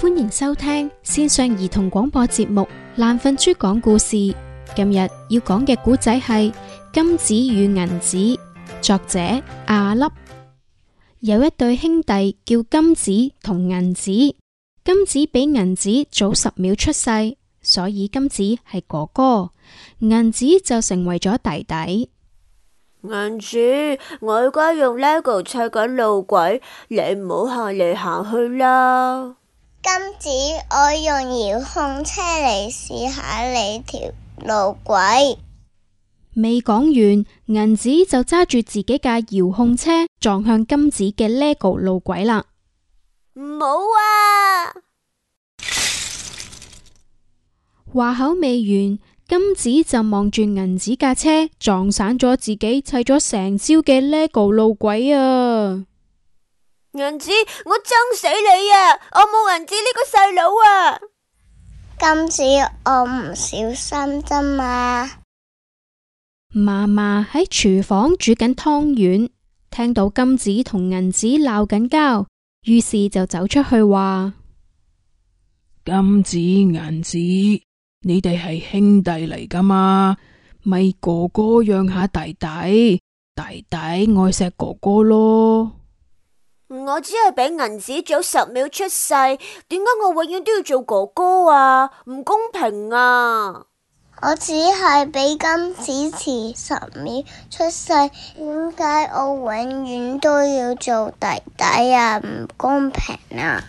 歡迎收聽綫上兒童廣播節目《爛瞓豬講故事》。今日要講嘅古仔係《金子與銀子》，作者阿粒。有一對兄弟叫金子同銀子，金子比銀子早十秒出世，所以金子係哥哥，銀子就成為咗弟弟。銀子，我而家用 LEGO 砌緊路軌，你唔好行嚟行去啦。金子，我用遙控車嚟試下你條路軌。未講完，銀子就揸住自己架遙控車撞向金子嘅 LEGO 路軌啦。唔好啊！話口未完。金子就望住銀子架車撞散咗自己砌咗成朝嘅 LEGO 路軌啊！銀子，我憎死你啊！我冇銀子呢個細佬啊！金子，我唔小心咋嘛。媽媽喺廚房煮緊湯圓，聽到金子同銀子鬧緊交，於是就走出去話：金子、銀子。你哋係兄弟嚟噶嘛，咪哥哥讓下弟弟，弟弟愛錫哥哥咯。我只係比銀子早十秒出世，點解我永遠都要做哥哥啊？唔公平啊！我只係比金子遲十秒出世，點解我永遠都要做弟弟啊？唔公平啊！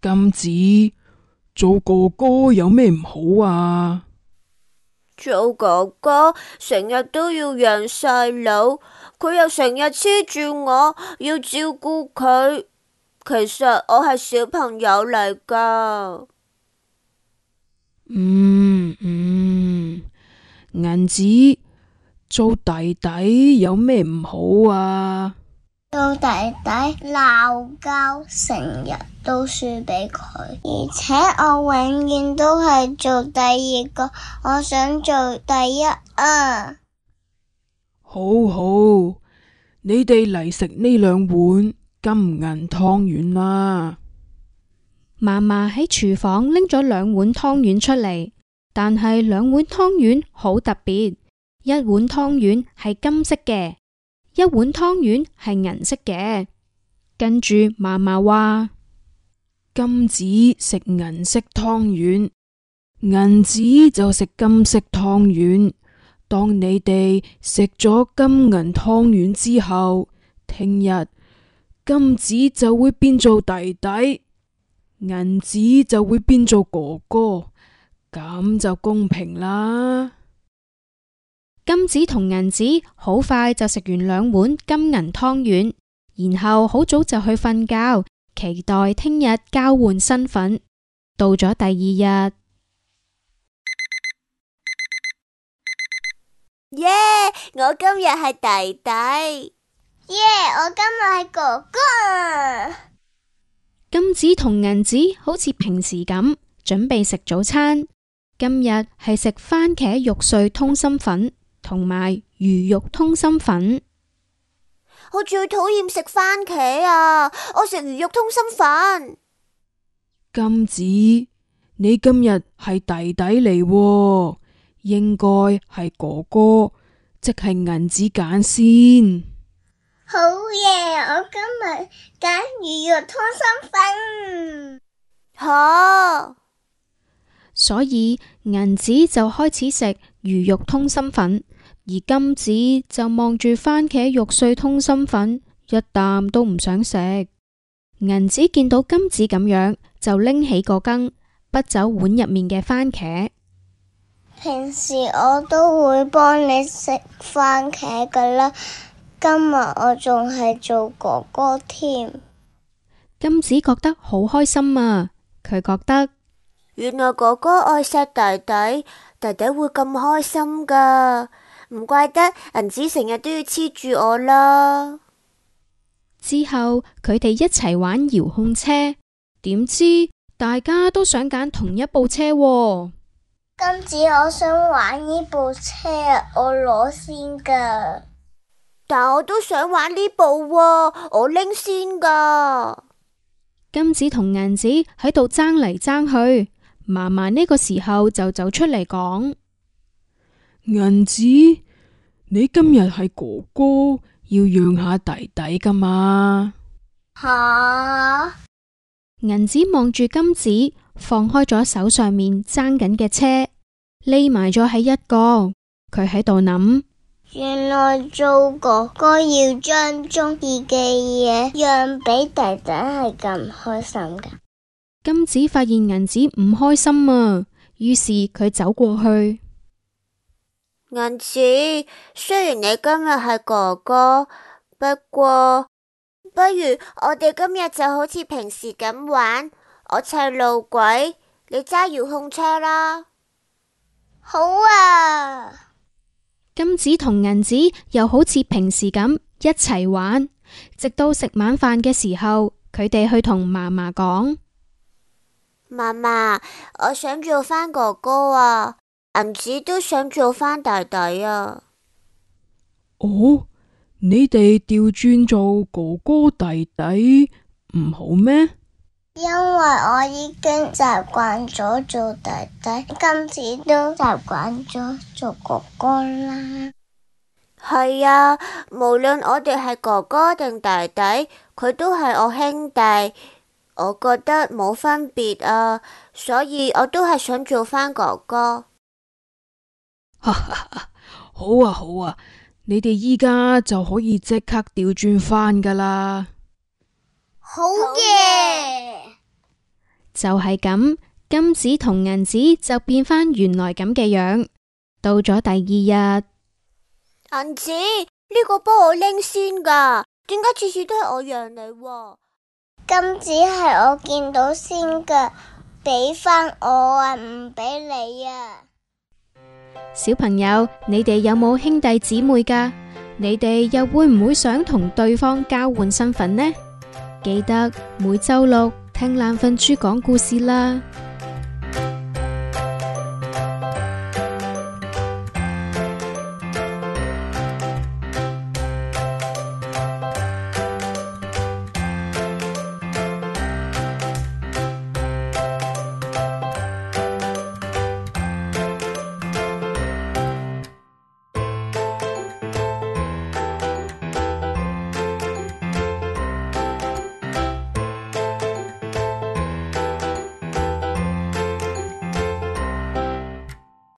金子，做哥哥有咩唔好啊？做哥哥成日都要讓細佬，佢又成日黐住我，要照顧佢。其實我係小朋友嚟㗎、嗯。嗯嗯，銀子，做弟弟有咩唔好啊？做弟弟鬧交，成日都輸俾佢，而且我永遠都係做第二個，我想做第一啊！好好，你哋嚟食呢兩碗金銀湯圓啦！嫲嫲喺廚房拎咗兩碗湯圓出嚟，但係兩碗湯圓好特別，一碗湯圓係金色嘅。一碗湯圓係銀色嘅，跟住嫲嫲話：金子食銀色湯圓，銀子就食金色湯圓。當你哋食咗金銀湯圓之後，聽日金子就會變做弟弟，銀子就會變做哥哥，咁就公平啦。金子同銀子好快就食完兩碗金銀湯圓，然後好早就去瞓覺，期待聽日交換身份。到咗第二日，耶！我今日係弟弟，耶！我今日係哥哥。金子同銀子好似平時咁準備食早餐，今日係食番茄肉碎通心粉。同埋魚肉通心粉，我最討厭食番茄啊！我食魚肉通心粉。金子，你今日係弟弟嚟，哦，應該係哥哥，即係銀子揀先。好嘢，我今日揀魚肉通心粉。好，啊，所以銀子就開始食魚肉通心粉，而金子就望住番茄肉碎通心粉，一啖都唔想食。銀子見到金子咁樣，就拎起個羹，不走碗入面嘅番茄。平時我都會幫你食番茄噶啦，今日我仲係做哥哥添。金子覺得好開心啊！佢覺得原來哥哥愛錫弟弟。弟弟會咁開心噶，唔怪得銀子成日都要黐住我啦。之後佢哋一齊玩遙控車，點知大家都想揀同一部車喎。金子，我想玩呢部車，我攞先噶。但我都想玩呢部喎，我拎先噶。金子同銀子喺度爭嚟爭去。嫲嫲呢個時候就走出嚟講：銀子，你今日係哥哥，要讓下弟弟噶嘛？哈！銀子望住金子，放開咗手上面爭緊嘅車，匿埋咗喺一角。佢喺度諗：原來做哥哥要將中意嘅嘢讓俾弟弟，係咁開心噶。金子發現銀子唔開心啊，於是佢走過去。銀子，雖然你今日係哥哥，不過不如我哋今日就好似平時咁玩。我砌路軌，你揸遙控車啦。好啊！金子同銀子又好似平時咁一齊玩，直到食晚飯嘅時候，佢哋去同嫲嫲講。媽媽，我想做返哥哥啊，銀子都想做返弟弟啊。哦，你哋調轉做哥哥弟弟唔好咩？因為我已經習慣咗做弟弟，金子都習慣咗做哥哥啦。係啊，無論我哋係哥哥定弟弟，佢都係我兄弟。我覺得冇分別啊，所以我都係想做返哥哥。 好啊好啊，你哋依家就可以即刻調轉返噶啦。好嘢！就係咁，金子同銀子就變返原來咁嘅樣。到咗第二日，銀子，呢個幫我拎先噶。點解次次都係我讓你？今次係我見到先噶，俾翻我啊，唔俾你啊！小朋友，你哋有冇兄弟姊妹噶？你哋又會唔會想同對方交換身份呢？記得每周六聽懶瞓豬講故事啦！